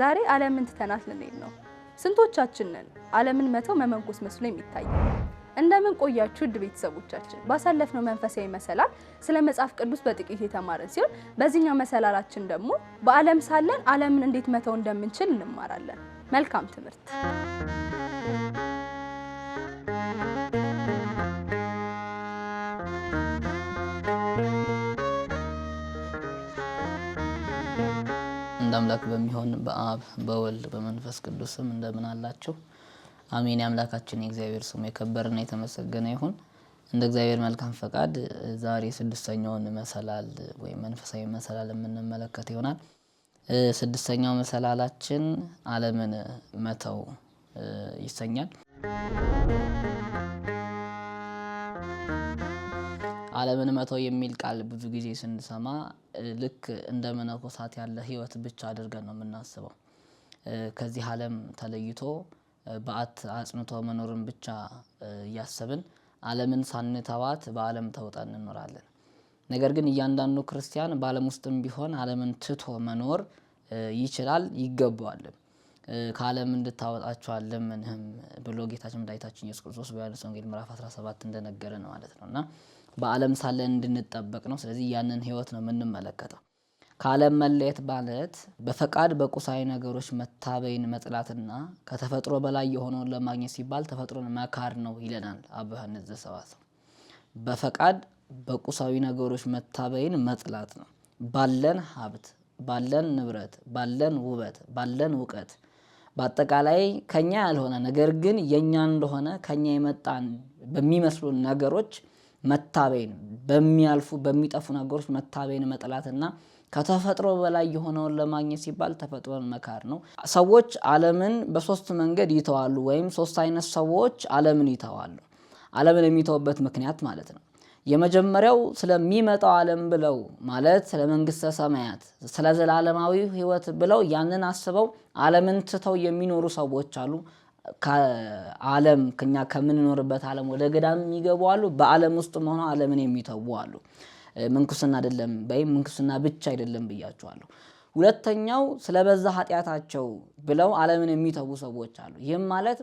ዛሬ ዓለምን ትተናት ልንሄድ ነው። ስንቶቻችን ነን ዓለምን መተው መመንኮስ መስሎ የሚታይ? እንደምን ቆያችሁ ውድ ቤተሰቦቻችን። ባሳለፍነው መንፈሳዊ መሰላል ስለ መጽሐፍ ቅዱስ በጥቂት የተማረን ሲሆን በዚህኛው መሰላላችን ደግሞ በዓለም ሳለን ዓለምን እንዴት መተው እንደምንችል እንማራለን። መልካም ትምህርት አምላክ በሚሆን በአብ በወልድ በመንፈስ ቅዱስም እንደምን አላችሁ? አሜን። የአምላካችን የእግዚአብሔር ስሙ የከበረና የተመሰገነ ይሁን። እንደ እግዚአብሔር መልካም ፈቃድ ዛሬ ስድስተኛውን መሰላል ወይም መንፈሳዊ መሰላል የምንመለከት ይሆናል። ስድስተኛው መሰላላችን ዓለምን መተው ይሰኛል። ዓለምን መተው የሚል ቃል ብዙ ጊዜ ስንሰማ ልክ እንደ መነኮሳት ያለ ህይወት ብቻ አድርገን ነው የምናስበው። ከዚህ ዓለም ተለይቶ በአት አጽንቶ መኖርን ብቻ እያሰብን ዓለምን ሳንተዋት በዓለም ተውጠን እንኖራለን። ነገር ግን እያንዳንዱ ክርስቲያን በዓለም ውስጥም ቢሆን ዓለምን ትቶ መኖር ይችላል ይገባዋልም። ከዓለም እንድታወጣቸው ብሎ ጌታችን መድኃኒታችን ኢየሱስ ክርስቶስ በዮሐንስ ወንጌል ምዕራፍ 17 እንደነገረን ማለት ነው እና በዓለም ሳለን እንድንጠበቅ ነው። ስለዚህ ያንን ህይወት ነው የምንመለከተው። ከዓለም መለየት ማለት በፈቃድ በቁሳዊ ነገሮች መታበይን መጥላትና ከተፈጥሮ በላይ የሆነውን ለማግኘት ሲባል ተፈጥሮን መካር ነው ይለናል አበ ዮሐንስ ዘሰባሰው። በፈቃድ በቁሳዊ ነገሮች መታበይን መጥላት ነው። ባለን ሀብት፣ ባለን ንብረት፣ ባለን ውበት፣ ባለን እውቀት በአጠቃላይ ከኛ ያልሆነ ነገር ግን የእኛ እንደሆነ ከኛ የመጣን በሚመስሉን ነገሮች መታበይን በሚያልፉ በሚጠፉ ነገሮች መታበይን መጥላትና ከተፈጥሮ በላይ የሆነውን ለማግኘት ሲባል ተፈጥሮን መካር ነው። ሰዎች ዓለምን በሶስት መንገድ ይተዋሉ ወይም ሶስት አይነት ሰዎች ዓለምን ይተዋሉ። ዓለምን የሚተውበት ምክንያት ማለት ነው። የመጀመሪያው ስለሚመጣው ዓለም ብለው ማለት ስለ መንግስተ ሰማያት፣ ስለ ዘላለማዊ ህይወት ብለው ያንን አስበው ዓለምን ትተው የሚኖሩ ሰዎች አሉ። ከዓለም ከኛ ከምንኖርበት ዓለም ወደ ገዳም የሚገቡ አሉ። በዓለም ውስጥ መሆኑ ዓለምን የሚተዉ አሉ። ምንኩስና አይደለም ወይም ምንኩስና ብቻ አይደለም ብያቸዋለሁ። ሁለተኛው ስለበዛ ኃጢአታቸው ብለው ዓለምን የሚተዉ ሰዎች አሉ። ይህም ማለት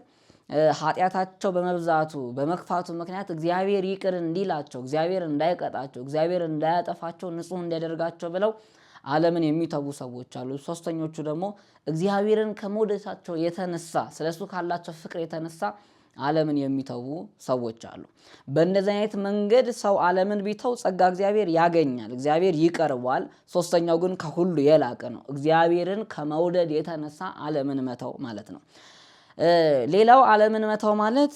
ኃጢአታቸው በመብዛቱ በመክፋቱ ምክንያት እግዚአብሔር ይቅር እንዲላቸው፣ እግዚአብሔር እንዳይቀጣቸው፣ እግዚአብሔር እንዳያጠፋቸው፣ ንጹሕ እንዲያደርጋቸው ብለው ዓለምን የሚተዉ ሰዎች አሉ። ሶስተኞቹ ደግሞ እግዚአብሔርን ከመውደታቸው የተነሳ ስለ ካላቸው ፍቅር የተነሳ ዓለምን የሚተዉ ሰዎች አሉ። በእንደዚህ አይነት መንገድ ሰው ዓለምን ቢተው ጸጋ እግዚአብሔር ያገኛል፣ እግዚአብሔር ይቀርቧል። ሶስተኛው ግን ከሁሉ የላቀ ነው፣ እግዚአብሔርን ከመውደድ የተነሳ ዓለምን መተው ማለት ነው። ሌላው ዓለምን መተው ማለት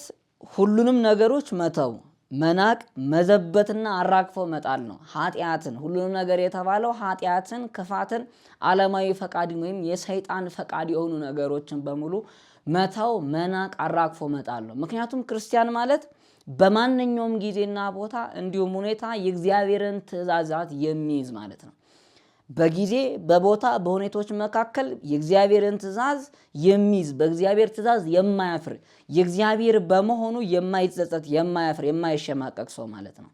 ሁሉንም ነገሮች መተው መናቅ መዘበትና አራግፎ መጣል ነው። ኃጢአትን ሁሉንም ነገር የተባለው ኃጢአትን፣ ክፋትን፣ ዓለማዊ ፈቃድ ወይም የሰይጣን ፈቃድ የሆኑ ነገሮችን በሙሉ መተው፣ መናቅ፣ አራግፎ መጣል ነው። ምክንያቱም ክርስቲያን ማለት በማንኛውም ጊዜና ቦታ እንዲሁም ሁኔታ የእግዚአብሔርን ትእዛዛት የሚይዝ ማለት ነው። በጊዜ በቦታ በሁኔታዎች መካከል የእግዚአብሔርን ትእዛዝ የሚይዝ በእግዚአብሔር ትእዛዝ የማያፍር የእግዚአብሔር በመሆኑ የማይጸጸት የማያፍር የማይሸማቀቅ ሰው ማለት ነው።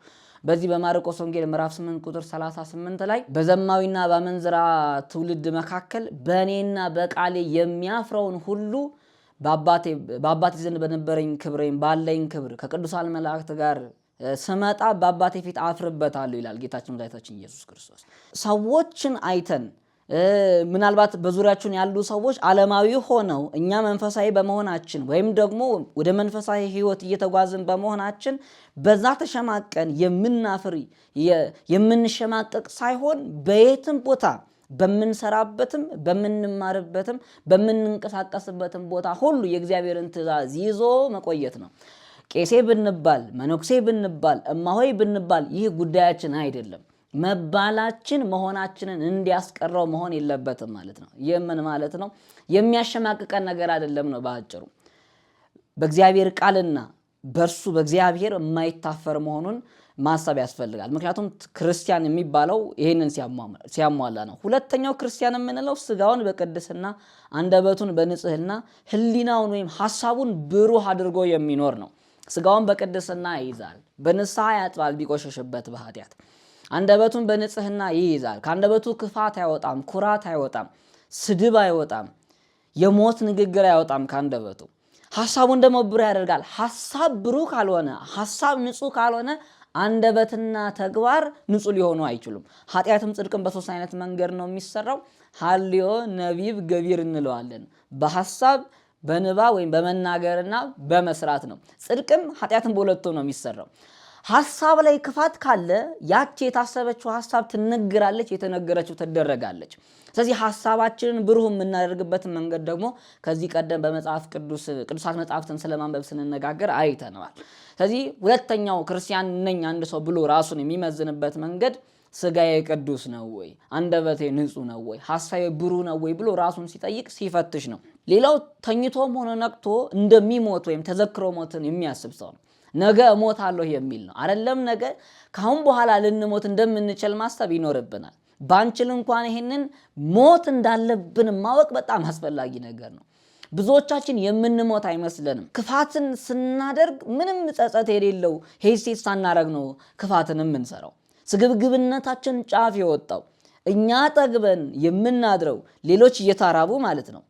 በዚህ በማርቆስ ወንጌል ምዕራፍ 8 ቁጥር 38 ላይ በዘማዊና በመንዝራ ትውልድ መካከል በእኔና በቃሌ የሚያፍረውን ሁሉ በአባቴ ዘንድ በነበረኝ ክብሬም ባለኝ ክብር ከቅዱሳን መላእክት ጋር ስመጣ በአባቴ ፊት አፍርበታለሁ ይላል ጌታችን መድኃኒታችን ኢየሱስ ክርስቶስ። ሰዎችን አይተን ምናልባት በዙሪያችን ያሉ ሰዎች ዓለማዊ ሆነው እኛ መንፈሳዊ በመሆናችን ወይም ደግሞ ወደ መንፈሳዊ ሕይወት እየተጓዝን በመሆናችን በዛ ተሸማቀን የምናፍር የምንሸማቀቅ ሳይሆን በየትም ቦታ በምንሰራበትም በምንማርበትም በምንንቀሳቀስበትም ቦታ ሁሉ የእግዚአብሔርን ትእዛዝ ይዞ መቆየት ነው። ቄሴ ብንባል መነኩሴ ብንባል እማሆይ ብንባል ይህ ጉዳያችን አይደለም። መባላችን መሆናችንን እንዲያስቀረው መሆን የለበትም ማለት ነው። ይህ ማለት ነው? የሚያሸማቅቀን ነገር አይደለም ነው በአጭሩ። በእግዚአብሔር ቃልና በእርሱ በእግዚአብሔር የማይታፈር መሆኑን ማሰብ ያስፈልጋል። ምክንያቱም ክርስቲያን የሚባለው ይህንን ሲያሟላ ነው። ሁለተኛው ክርስቲያን የምንለው ስጋውን በቅድስና አንደበቱን በንጽህና ህሊናውን ወይም ሀሳቡን ብሩህ አድርጎ የሚኖር ነው። ስጋውን በቅድስና ይይዛል፣ በንስሐ ያጥባል፣ ቢቆሸሽበት በኃጢአት አንደበቱን በንጽህና ይይዛል። ከአንደበቱ ክፋት አይወጣም፣ ኩራት አይወጣም፣ ስድብ አይወጣም፣ የሞት ንግግር አይወጣም ከአንደበቱ። ሀሳቡን ደግሞ ብሩህ ያደርጋል። ሀሳብ ብሩህ ካልሆነ፣ ሀሳብ ንጹህ ካልሆነ አንደበትና ተግባር ንጹህ ሊሆኑ አይችሉም። ኃጢአትም ጽድቅም በሶስት አይነት መንገድ ነው የሚሰራው። ሀልዮ ነቢብ ገቢር እንለዋለን በሀሳብ በንባ ወይም በመናገርና በመስራት ነው። ጽድቅም ኃጢአትን በሁለቱ ነው የሚሰራው። ሀሳብ ላይ ክፋት ካለ ያቺ የታሰበችው ሀሳብ ትነግራለች፣ የተነገረችው ትደረጋለች። ስለዚህ ሀሳባችንን ብሩህ የምናደርግበትን መንገድ ደግሞ ከዚህ ቀደም በመጽሐፍ ቅዱስ ቅዱሳት መጽሐፍትን ስለማንበብ ስንነጋገር አይተነዋል። ስለዚህ ሁለተኛው ክርስቲያን ነኝ አንድ ሰው ብሎ ራሱን የሚመዝንበት መንገድ ስጋዬ ቅዱስ ነው ወይ? አንደበቴ ንጹህ ነው ወይ? ሐሳቤ ብሩህ ነው ወይ ብሎ ራሱን ሲጠይቅ ሲፈትሽ ነው። ሌላው ተኝቶም ሆነ ነቅቶ እንደሚሞት ወይም ተዘክሮ ሞትን የሚያስብ ሰው ነው። ነገ እሞታለሁ የሚል ነው። አይደለም ነገ ካሁን በኋላ ልንሞት እንደምንችል ማሰብ ይኖርብናል። ባንችል እንኳን ይሄንን ሞት እንዳለብን ማወቅ በጣም አስፈላጊ ነገር ነው። ብዙዎቻችን የምንሞት አይመስለንም። ክፋትን ስናደርግ ምንም ጸጸት የሌለው ሄሴት ሳናደረግ ነው ክፋትን የምንሰራው። ስግብግብነታችን ጫፍ የወጣው እኛ ጠግበን የምናድረው ሌሎች እየታራቡ ማለት ነው።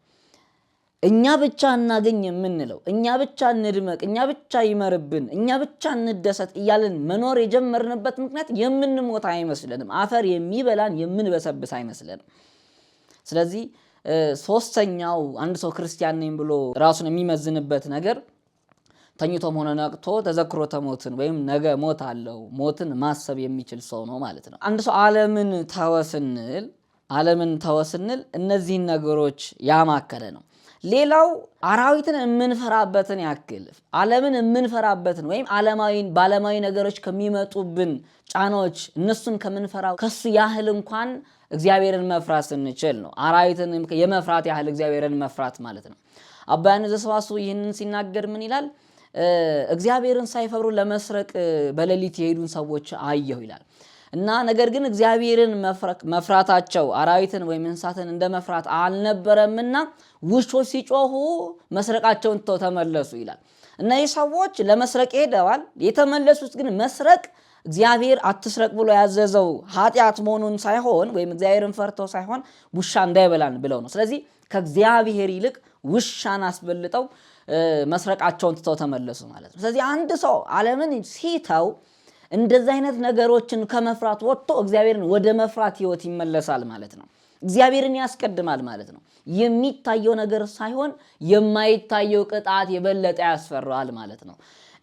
እኛ ብቻ እናገኝ የምንለው እኛ ብቻ እንድመቅ፣ እኛ ብቻ ይመርብን፣ እኛ ብቻ እንደሰት እያለን መኖር የጀመርንበት ምክንያት የምንሞት አይመስለንም። አፈር የሚበላን የምንበሰብስ አይመስለንም። ስለዚህ ሶስተኛው አንድ ሰው ክርስቲያን ነኝ ብሎ ራሱን የሚመዝንበት ነገር ተኝቶ ሆነ ነቅቶ ተዘክሮተ ሞትን ወይም ነገ ሞት አለው ሞትን ማሰብ የሚችል ሰው ነው ማለት ነው። አንድ ሰው ዓለምን አለምን ዓለምን ስንል እነዚህን ነገሮች ያማከለ ነው። ሌላው አራዊትን የምንፈራበትን ያክል ዓለምን የምንፈራበትን ወይም ዓለማዊን በዓለማዊ ነገሮች ከሚመጡብን ጫናዎች እነሱን ከምንፈራው ከሱ ያህል እንኳን እግዚአብሔርን መፍራት ስንችል ነው። አራዊትን የመፍራት ያህል እግዚአብሔርን መፍራት ማለት ነው። አባያን ዘሰባሱ ይህንን ሲናገር ምን ይላል? እግዚአብሔርን ሳይፈሩ ለመስረቅ በሌሊት የሄዱን ሰዎች አየሁ ይላል እና ነገር ግን እግዚአብሔርን መፍራታቸው አራዊትን ወይም እንስሳትን እንደ መፍራት አልነበረምና ውሾች ሲጮሁ መስረቃቸውን ተው ተመለሱ ይላል። እነዚህ ሰዎች ለመስረቅ ሄደዋል። የተመለሱት ግን መስረቅ እግዚአብሔር አትስረቅ ብሎ ያዘዘው ኃጢአት መሆኑን ሳይሆን ወይም እግዚአብሔርን ፈርተው ሳይሆን ውሻ እንዳይበላን ብለው ነው። ስለዚህ ከእግዚአብሔር ይልቅ ውሻን አስበልጠው መስረቃቸውን ትተው ተመለሱ ማለት ነው። ስለዚህ አንድ ሰው ዓለምን ሲተው እንደዚህ አይነት ነገሮችን ከመፍራት ወጥቶ እግዚአብሔርን ወደ መፍራት ህይወት ይመለሳል ማለት ነው። እግዚአብሔርን ያስቀድማል ማለት ነው። የሚታየው ነገር ሳይሆን የማይታየው ቅጣት የበለጠ ያስፈራል ማለት ነው።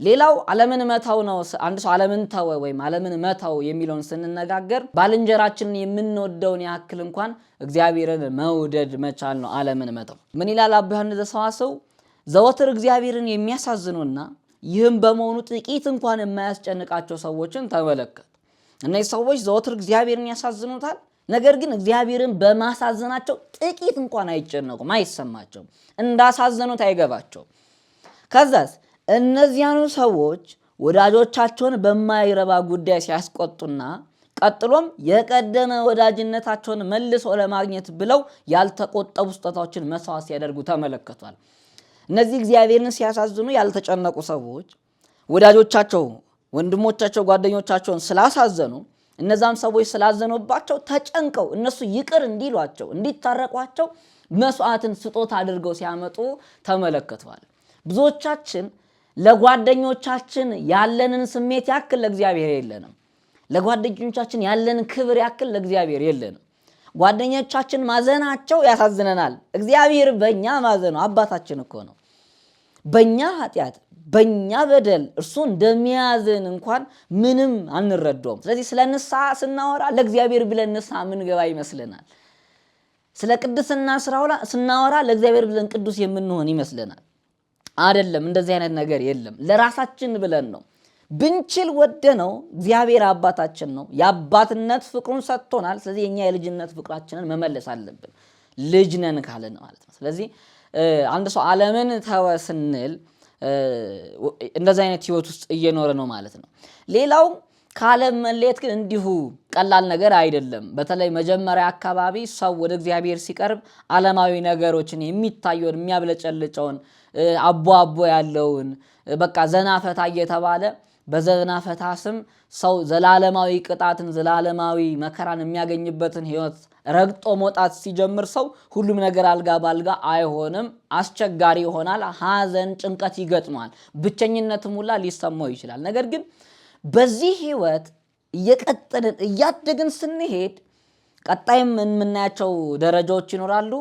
ሌላው ዓለምን መተው ነው። አንድ ሰው ዓለምን ተወ ወይም ዓለምን መተው የሚለውን ስንነጋገር ባልንጀራችንን የምንወደውን ያክል እንኳን እግዚአብሔርን መውደድ መቻል ነው ዓለምን መተው። ምን ይላል አባ ዮሐንስ ዘሰዋስው? ዘወትር እግዚአብሔርን የሚያሳዝኑና ይህም በመሆኑ ጥቂት እንኳን የማያስጨንቃቸው ሰዎችን ተመለከቱ። እነዚህ ሰዎች ዘወትር እግዚአብሔርን ያሳዝኑታል። ነገር ግን እግዚአብሔርን በማሳዘናቸው ጥቂት እንኳን አይጨነቁም፣ አይሰማቸውም፣ እንዳሳዘኑት አይገባቸውም። ከዛስ እነዚያኑ ሰዎች ወዳጆቻቸውን በማይረባ ጉዳይ ሲያስቆጡና ቀጥሎም የቀደመ ወዳጅነታቸውን መልሶ ለማግኘት ብለው ያልተቆጠቡ ስጦታዎችን መስዋዕት ሲያደርጉ ተመለከቷል። እነዚህ እግዚአብሔርን ሲያሳዝኑ ያልተጨነቁ ሰዎች ወዳጆቻቸው፣ ወንድሞቻቸው፣ ጓደኞቻቸውን ስላሳዘኑ እነዛም ሰዎች ስላዘኑባቸው ተጨንቀው እነሱ ይቅር እንዲሏቸው እንዲታረቋቸው መስዋዕትን ስጦታ አድርገው ሲያመጡ ተመለከተዋል። ብዙዎቻችን ለጓደኞቻችን ያለንን ስሜት ያክል ለእግዚአብሔር የለንም። ለጓደኞቻችን ያለንን ክብር ያክል ለእግዚአብሔር የለንም። ጓደኞቻችን ማዘናቸው ያሳዝነናል። እግዚአብሔር በእኛ ማዘኑ አባታችን እኮ ነው። በእኛ ኃጢአት በእኛ በደል እርሱ እንደሚያዝን እንኳን ምንም አንረዳውም። ስለዚህ ስለ ንስሐ ስናወራ ለእግዚአብሔር ብለን ንስሐ ምንገባ ይመስለናል። ስለ ቅድስና ስናወራ ለእግዚአብሔር ብለን ቅዱስ የምንሆን ይመስለናል። አይደለም። እንደዚህ አይነት ነገር የለም። ለራሳችን ብለን ነው። ብንችል ወደ ነው። እግዚአብሔር አባታችን ነው። የአባትነት ፍቅሩን ሰጥቶናል። ስለዚህ የእኛ የልጅነት ፍቅራችንን መመለስ አለብን። ልጅ ነን ካልን ማለት ነው። ስለዚህ አንድ ሰው ዓለምን ተወ ስንል እንደዚህ አይነት ህይወት ውስጥ እየኖረ ነው ማለት ነው። ሌላው ከዓለም መለየት ግን እንዲሁ ቀላል ነገር አይደለም። በተለይ መጀመሪያ አካባቢ ሰው ወደ እግዚአብሔር ሲቀርብ ዓለማዊ ነገሮችን የሚታየውን የሚያብለጨልጨውን አቦ አቦ ያለውን በቃ ዘናፈታ እየተባለ በዘና ፈታ ስም ሰው ዘላለማዊ ቅጣትን ዘላለማዊ መከራን የሚያገኝበትን ህይወት ረግጦ መውጣት ሲጀምር ሰው ሁሉም ነገር አልጋ ባልጋ አይሆንም፣ አስቸጋሪ ይሆናል። ሐዘን፣ ጭንቀት ይገጥመዋል። ብቸኝነትም ሁላ ሊሰማው ይችላል። ነገር ግን በዚህ ህይወት እየቀጠልን እያደግን ስንሄድ ቀጣይም የምናያቸው ደረጃዎች ይኖራሉ።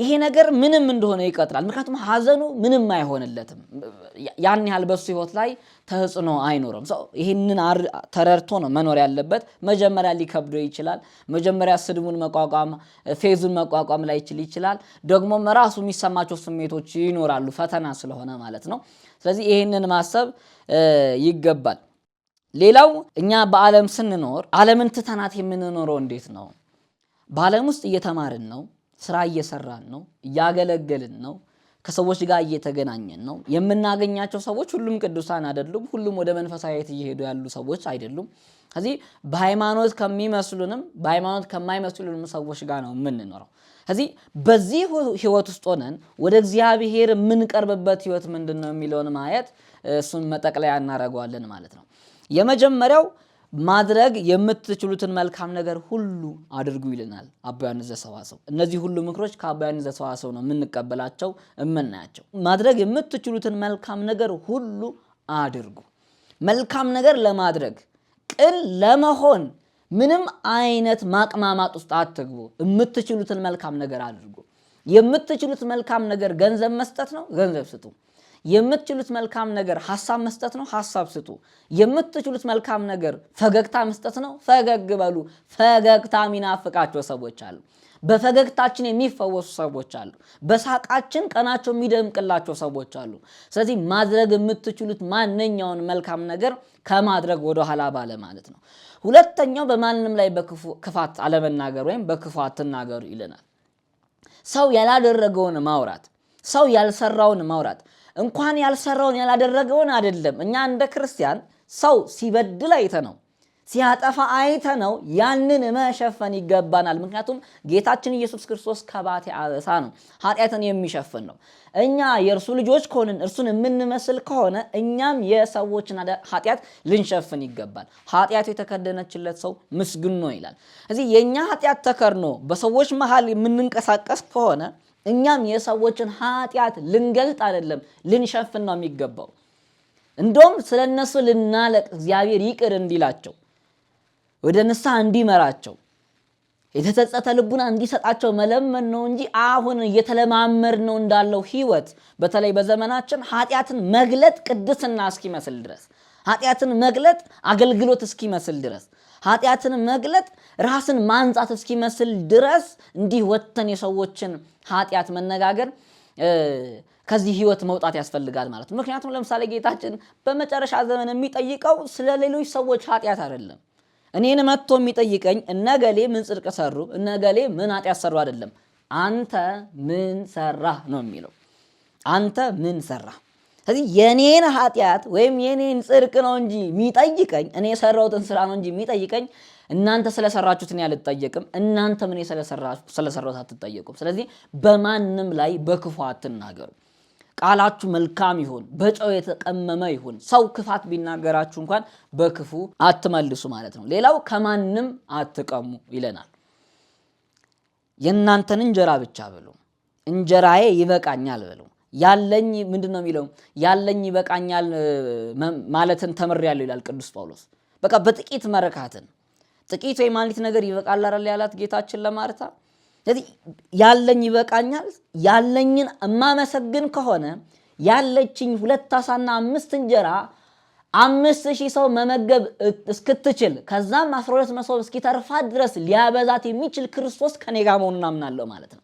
ይሄ ነገር ምንም እንደሆነ ይቀጥላል። ምክንያቱም ሀዘኑ ምንም አይሆንለትም። ያን ያህል በሱ ህይወት ላይ ተጽዕኖ አይኖርም። ሰው ይህንን ተረድቶ ነው መኖር ያለበት። መጀመሪያ ሊከብዶ ይችላል። መጀመሪያ ስድቡን መቋቋም፣ ፌዙን መቋቋም ላይችል ይችላል። ደግሞም ራሱ የሚሰማቸው ስሜቶች ይኖራሉ፣ ፈተና ስለሆነ ማለት ነው። ስለዚህ ይህንን ማሰብ ይገባል። ሌላው እኛ በዓለም ስንኖር ዓለምን ትተናት የምንኖረው እንዴት ነው? በዓለም ውስጥ እየተማርን ነው ስራ እየሰራን ነው፣ እያገለገልን ነው፣ ከሰዎች ጋር እየተገናኘን ነው። የምናገኛቸው ሰዎች ሁሉም ቅዱሳን አይደሉም፣ ሁሉም ወደ መንፈሳዊት እየሄዱ ያሉ ሰዎች አይደሉም። ከዚህ በሃይማኖት ከሚመስሉንም በሃይማኖት ከማይመስሉንም ሰዎች ጋር ነው የምንኖረው። ከዚህ በዚህ ህይወት ውስጥ ሆነን ወደ እግዚአብሔር የምንቀርብበት ህይወት ምንድን ነው የሚለውን ማየት እሱን መጠቅለያ እናደርገዋለን ማለት ነው የመጀመሪያው ማድረግ የምትችሉትን መልካም ነገር ሁሉ አድርጉ ይልናል አባ ዮሐንስ ዘሰዋሰው። እነዚህ ሁሉ ምክሮች ከአባ ዮሐንስ ዘሰዋሰው ነው የምንቀበላቸው የምናያቸው። ማድረግ የምትችሉትን መልካም ነገር ሁሉ አድርጉ። መልካም ነገር ለማድረግ ቅን ለመሆን ምንም አይነት ማቅማማጥ ውስጥ አትግቡ። የምትችሉትን መልካም ነገር አድርጉ። የምትችሉት መልካም ነገር ገንዘብ መስጠት ነው፣ ገንዘብ ስጡ። የምትችሉት መልካም ነገር ሀሳብ መስጠት ነው፣ ሀሳብ ስጡ። የምትችሉት መልካም ነገር ፈገግታ መስጠት ነው፣ ፈገግ በሉ። ፈገግታ የሚናፍቃቸው ሰዎች አሉ። በፈገግታችን የሚፈወሱ ሰዎች አሉ። በሳቃችን ቀናቸው የሚደምቅላቸው ሰዎች አሉ። ስለዚህ ማድረግ የምትችሉት ማንኛውን መልካም ነገር ከማድረግ ወደኋላ ባለ ማለት ነው። ሁለተኛው በማንም ላይ ክፋት አለመናገር ወይም በክፉ አትናገሩ ይለናል። ሰው ያላደረገውን ማውራት፣ ሰው ያልሰራውን ማውራት እንኳን ያልሰራውን ያላደረገውን አይደለም። እኛ እንደ ክርስቲያን ሰው ሲበድል አይተ ነው ሲያጠፋ አይተ ነው ያንን መሸፈን ይገባናል። ምክንያቱም ጌታችን ኢየሱስ ክርስቶስ ከባቴ አበሳ ነው፣ ኃጢአትን የሚሸፍን ነው። እኛ የእርሱ ልጆች ከሆንን እርሱን የምንመስል ከሆነ እኛም የሰዎችን ኃጢአት ልንሸፍን ይገባል። ኃጢአቱ የተከደነችለት ሰው ምስግኖ ይላል። እዚህ የእኛ ኃጢአት ተከድኖ በሰዎች መሀል የምንንቀሳቀስ ከሆነ እኛም የሰዎችን ኃጢአት ልንገልጥ አይደለም ልንሸፍን ነው የሚገባው። እንደውም ስለ እነሱ ልናለቅ እግዚአብሔር ይቅር እንዲላቸው ወደ ንስሐ እንዲመራቸው የተጸጸተ ልቡና እንዲሰጣቸው መለመን ነው እንጂ አሁን እየተለማመድ ነው እንዳለው ህይወት በተለይ በዘመናችን ኃጢአትን መግለጥ ቅድስና እስኪመስል ድረስ ኃጢአትን መግለጥ አገልግሎት እስኪመስል ድረስ ኃጢአትን መግለጥ ራስን ማንጻት እስኪመስል ድረስ እንዲህ ወጥተን የሰዎችን ኃጢአት መነጋገር ከዚህ ህይወት መውጣት ያስፈልጋል ማለት ነው። ምክንያቱም ለምሳሌ ጌታችን በመጨረሻ ዘመን የሚጠይቀው ስለ ሌሎች ሰዎች ኃጢአት አይደለም። እኔን መጥቶ የሚጠይቀኝ እነገሌ ምን ጽድቅ ሰሩ፣ እነገሌ ምን ኃጢአት ሰሩ አይደለም። አንተ ምን ሰራህ ነው የሚለው። አንተ ምን ሰራህ ስለዚህ የኔን ኃጢአት ወይም የኔን ጽድቅ ነው እንጂ የሚጠይቀኝ እኔ የሰራሁትን ስራ ነው እንጂ የሚጠይቀኝ እናንተ ስለሰራችሁት እኔ አልጠየቅም፣ እናንተም እኔ ስለሰራሁት አትጠየቁም። ስለዚህ በማንም ላይ በክፉ አትናገሩ። ቃላችሁ መልካም ይሁን፣ በጨው የተቀመመ ይሁን። ሰው ክፋት ቢናገራችሁ እንኳን በክፉ አትመልሱ ማለት ነው። ሌላው ከማንም አትቀሙ ይለናል። የእናንተን እንጀራ ብቻ ብሉ፣ እንጀራዬ ይበቃኛል ብሉ ያለኝ ምንድን ነው የሚለው ያለኝ ይበቃኛል ማለትን ተምሬያለሁ ይላል ቅዱስ ጳውሎስ። በቃ በጥቂት መረካትን ጥቂት ወይም አንዲት ነገር ይበቃል አይደል ያላት ጌታችን ለማርታ። ስለዚህ ያለኝ ይበቃኛል ያለኝን እማመሰግን ከሆነ ያለችኝ ሁለት አሳና አምስት እንጀራ አምስት ሺህ ሰው መመገብ እስክትችል ከዛም አስራ ሁለት መሶብ እስኪተርፋት ድረስ ሊያበዛት የሚችል ክርስቶስ ከኔ ጋር መሆኑን አምናለሁ ማለት ነው።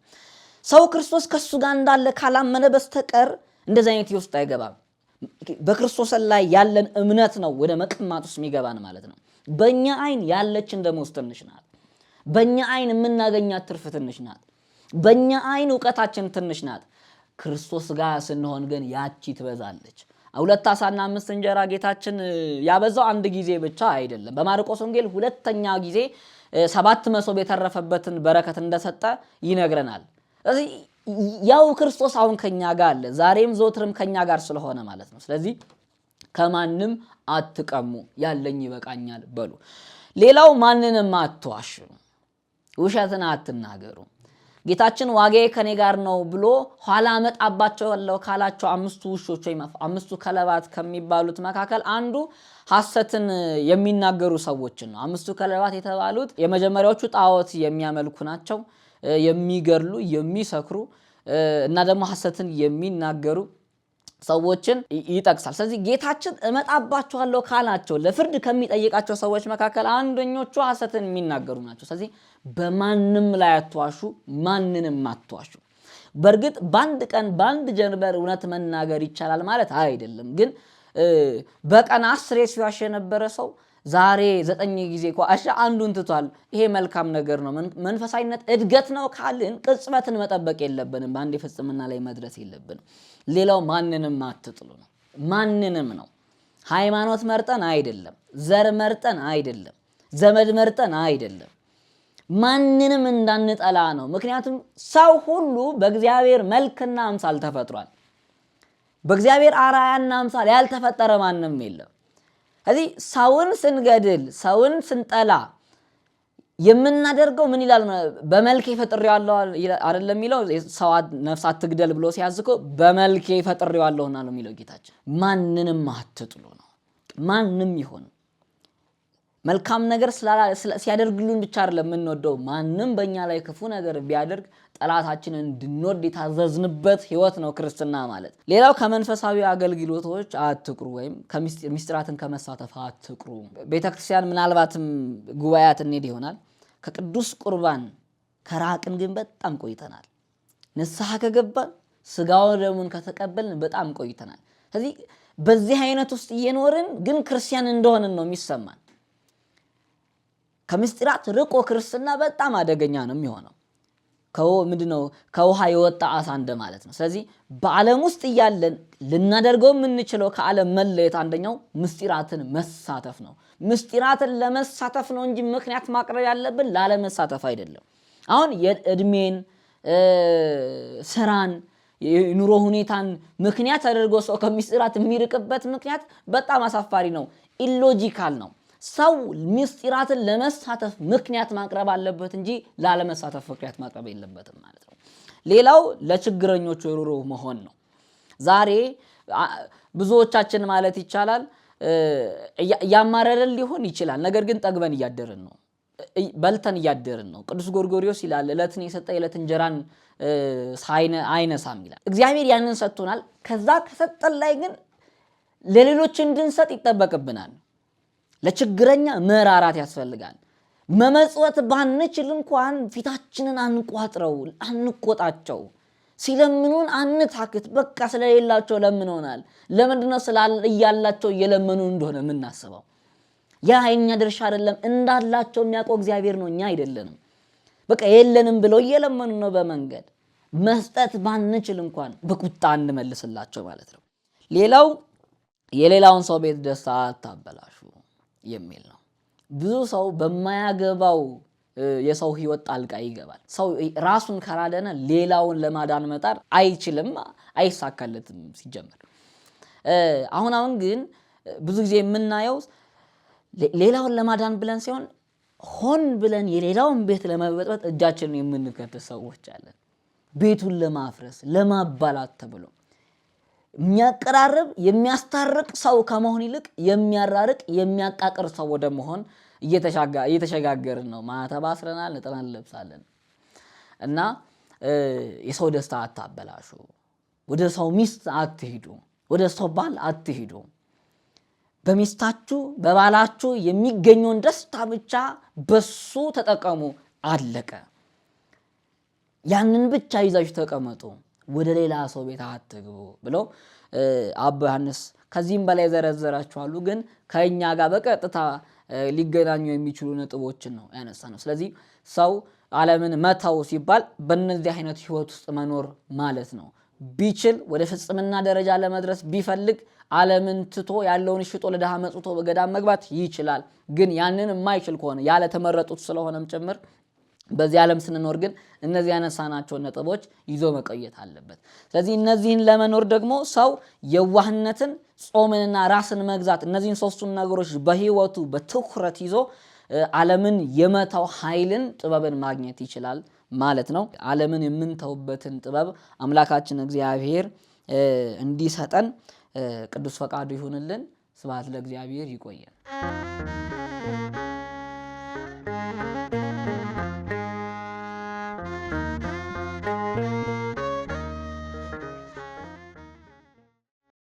ሰው ክርስቶስ ከሱ ጋር እንዳለ ካላመነ በስተቀር እንደዚህ አይነት ውስጥ አይገባም። በክርስቶስ ላይ ያለን እምነት ነው ወደ መቀማት ውስጥ የሚገባን ማለት ነው። በእኛ አይን ያለችን ደሞዝ ትንሽ ናት። በእኛ አይን የምናገኛት ትርፍ ትንሽ ናት። በእኛ አይን እውቀታችን ትንሽ ናት። ክርስቶስ ጋር ስንሆን ግን ያቺ ትበዛለች። ሁለት አሳና አምስት እንጀራ ጌታችን ያበዛው አንድ ጊዜ ብቻ አይደለም። በማርቆስ ወንጌል ሁለተኛ ጊዜ ሰባት መሶብ የተረፈበትን በረከት እንደሰጠ ይነግረናል። ስለዚህ ያው ክርስቶስ አሁን ከኛ ጋር አለ፣ ዛሬም ዘወትርም ከኛ ጋር ስለሆነ ማለት ነው። ስለዚህ ከማንም አትቀሙ፣ ያለኝ ይበቃኛል በሉ። ሌላው ማንንም አትዋሹ፣ ውሸትን አትናገሩ። ጌታችን ዋጋዬ ከኔ ጋር ነው ብሎ ኋላ እመጣባቸዋለሁ ካላቸው አምስቱ ውሾች ወይም አምስቱ ከለባት ከሚባሉት መካከል አንዱ ሐሰትን የሚናገሩ ሰዎችን ነው። አምስቱ ከለባት የተባሉት የመጀመሪያዎቹ ጣዖት የሚያመልኩ ናቸው። የሚገድሉ የሚሰክሩ እና ደግሞ ሐሰትን የሚናገሩ ሰዎችን ይጠቅሳል። ስለዚህ ጌታችን እመጣባችኋለሁ ካላቸው ለፍርድ ከሚጠይቃቸው ሰዎች መካከል አንደኞቹ ሐሰትን የሚናገሩ ናቸው። ስለዚህ በማንም ላይ አትዋሹ፣ ማንንም አትዋሹ። በእርግጥ በአንድ ቀን በአንድ ጀንበር እውነት መናገር ይቻላል ማለት አይደለም። ግን በቀን አስሬ ሲዋሽ የነበረ ሰው ዛሬ ዘጠኝ ጊዜ እኮ አሻ አንዱን ትቷል። ይሄ መልካም ነገር ነው። መንፈሳዊነት እድገት ነው ካልን ቅጽበትን መጠበቅ የለብንም። በአንድ ፍጽምና ላይ መድረስ የለብንም። ሌላው ማንንም አትጥሉ ነው። ማንንም ነው። ሃይማኖት መርጠን አይደለም፣ ዘር መርጠን አይደለም፣ ዘመድ መርጠን አይደለም። ማንንም እንዳንጠላ ነው። ምክንያቱም ሰው ሁሉ በእግዚአብሔር መልክና አምሳል ተፈጥሯል። በእግዚአብሔር አራያና አምሳል ያልተፈጠረ ማንም የለም። እዚህ ሰውን ስንገድል ሰውን ስንጠላ የምናደርገው ምን ይላል? በመልኬ ፈጥሬዋለሁ አይደለም የሚለው ሰው ነፍስ አትግደል ብሎ ሲያዝ እኮ በመልኬ ፈጥሬዋለሁና ነው የሚለው ጌታችን። ማንንም አትጥሉ ነው። ማንም ይሆን መልካም ነገር ሲያደርግልን ብቻ አይደለም የምንወደው። ማንም በእኛ ላይ ክፉ ነገር ቢያደርግ ጠላታችንን እንድንወድ የታዘዝንበት ህይወት ነው ክርስትና ማለት። ሌላው ከመንፈሳዊ አገልግሎቶች አትቁሩ ወይም ሚስጥራትን ከመሳተፍ አትቁሩ። ቤተ ክርስቲያን ምናልባትም ጉባኤያት እንሄድ ይሆናል። ከቅዱስ ቁርባን ከራቅን ግን በጣም ቆይተናል። ንስሐ ከገባን ስጋው ደሙን ከተቀበልን በጣም ቆይተናል። ስለዚህ በዚህ አይነት ውስጥ እየኖርን ግን ክርስቲያን እንደሆንን ነው የሚሰማን። ከምስጢራት ርቆ ክርስትና በጣም አደገኛ ነው የሚሆነው። ምንድን ነው ከውሃ የወጣ አሳ እንደማለት ነው። ስለዚህ በዓለም ውስጥ እያለን ልናደርገው የምንችለው ከዓለም መለየት አንደኛው ምስጢራትን መሳተፍ ነው። ምስጢራትን ለመሳተፍ ነው እንጂ ምክንያት ማቅረብ ያለብን ላለመሳተፍ አይደለም። አሁን የእድሜን ስራን፣ የኑሮ ሁኔታን ምክንያት አድርጎ ሰው ከምስጢራት የሚርቅበት ምክንያት በጣም አሳፋሪ ነው። ኢሎጂካል ነው። ሰው ሚስጢራትን ለመሳተፍ ምክንያት ማቅረብ አለበት እንጂ ላለመሳተፍ ምክንያት ማቅረብ የለበትም ማለት ነው። ሌላው ለችግረኞቹ ሩሩ መሆን ነው። ዛሬ ብዙዎቻችን ማለት ይቻላል እያማረረን ሊሆን ይችላል። ነገር ግን ጠግበን እያደርን ነው፣ በልተን እያደርን ነው። ቅዱስ ጎርጎሪዎስ ይላል ዕለትን የሰጠ ዕለት እንጀራን አይነሳም ይላል። እግዚአብሔር ያንን ሰጥቶናል። ከዛ ከሰጠን ላይ ግን ለሌሎች እንድንሰጥ ይጠበቅብናል። ለችግረኛ መራራት ያስፈልጋል። መመጽወት ባንችል እንኳን ፊታችንን አንቋጥረው፣ አንቆጣቸው። ሲለምኑን አንታክት። በቃ ስለሌላቸው ለምንሆናል ለምንድነው እያላቸው እየለመኑ እንደሆነ የምናስበው? ያ የኛ ድርሻ አይደለም። እንዳላቸው የሚያውቀው እግዚአብሔር ነው፣ እኛ አይደለንም። በቃ የለንም ብለው እየለመኑ ነው። በመንገድ መስጠት ባንችል እንኳን በቁጣ እንመልስላቸው ማለት ነው። ሌላው የሌላውን ሰው ቤት ደስታ አታበላሹ። የሚል ነው። ብዙ ሰው በማያገባው የሰው ህይወት ጣልቃ ይገባል። ሰው ራሱን ካላደነ ሌላውን ለማዳን መጣር አይችልም፣ አይሳካለትም ሲጀመር። አሁን አሁን ግን ብዙ ጊዜ የምናየው ሌላውን ለማዳን ብለን ሲሆን ሆን ብለን የሌላውን ቤት ለመበጥበጥ እጃችንን የምንከት ሰዎች አለን። ቤቱን ለማፍረስ ለማባላት ተብሎ የሚያቀራርብ የሚያስታርቅ ሰው ከመሆን ይልቅ የሚያራርቅ የሚያቃቅር ሰው ወደ መሆን እየተሸጋገርን ነው። ማተብ አስረናል፣ ነጠላ እንለብሳለን እና የሰው ደስታ አታበላሹ። ወደ ሰው ሚስት አትሂዱ፣ ወደ ሰው ባል አትሂዱ። በሚስታችሁ በባላችሁ የሚገኘውን ደስታ ብቻ በሱ ተጠቀሙ። አለቀ። ያንን ብቻ ይዛችሁ ተቀመጡ። ወደ ሌላ ሰው ቤት አትግቡ ብለው አባ ዮሐንስ ከዚህም በላይ ዘረዘራችኋሉ። ግን ከእኛ ጋር በቀጥታ ሊገናኙ የሚችሉ ነጥቦችን ነው ያነሳ ነው። ስለዚህ ሰው ዓለምን መተው ሲባል በእነዚህ አይነት ህይወት ውስጥ መኖር ማለት ነው። ቢችል ወደ ፍጽምና ደረጃ ለመድረስ ቢፈልግ ዓለምን ትቶ ያለውን ሽጦ ለድሃ መጽቶ በገዳም መግባት ይችላል። ግን ያንን የማይችል ከሆነ ያለ ተመረጡት ስለሆነም ጭምር በዚህ ዓለም ስንኖር ግን እነዚህ ያነሳናቸውን ነጥቦች ይዞ መቆየት አለበት። ስለዚህ እነዚህን ለመኖር ደግሞ ሰው የዋህነትን፣ ጾምንና ራስን መግዛት እነዚህን ሶስቱን ነገሮች በህይወቱ በትኩረት ይዞ ዓለምን የመተው ኃይልን ጥበብን ማግኘት ይችላል ማለት ነው። ዓለምን የምንተውበትን ጥበብ አምላካችን እግዚአብሔር እንዲሰጠን ቅዱስ ፈቃዱ ይሁንልን። ስብሐት ለእግዚአብሔር። ይቆየን።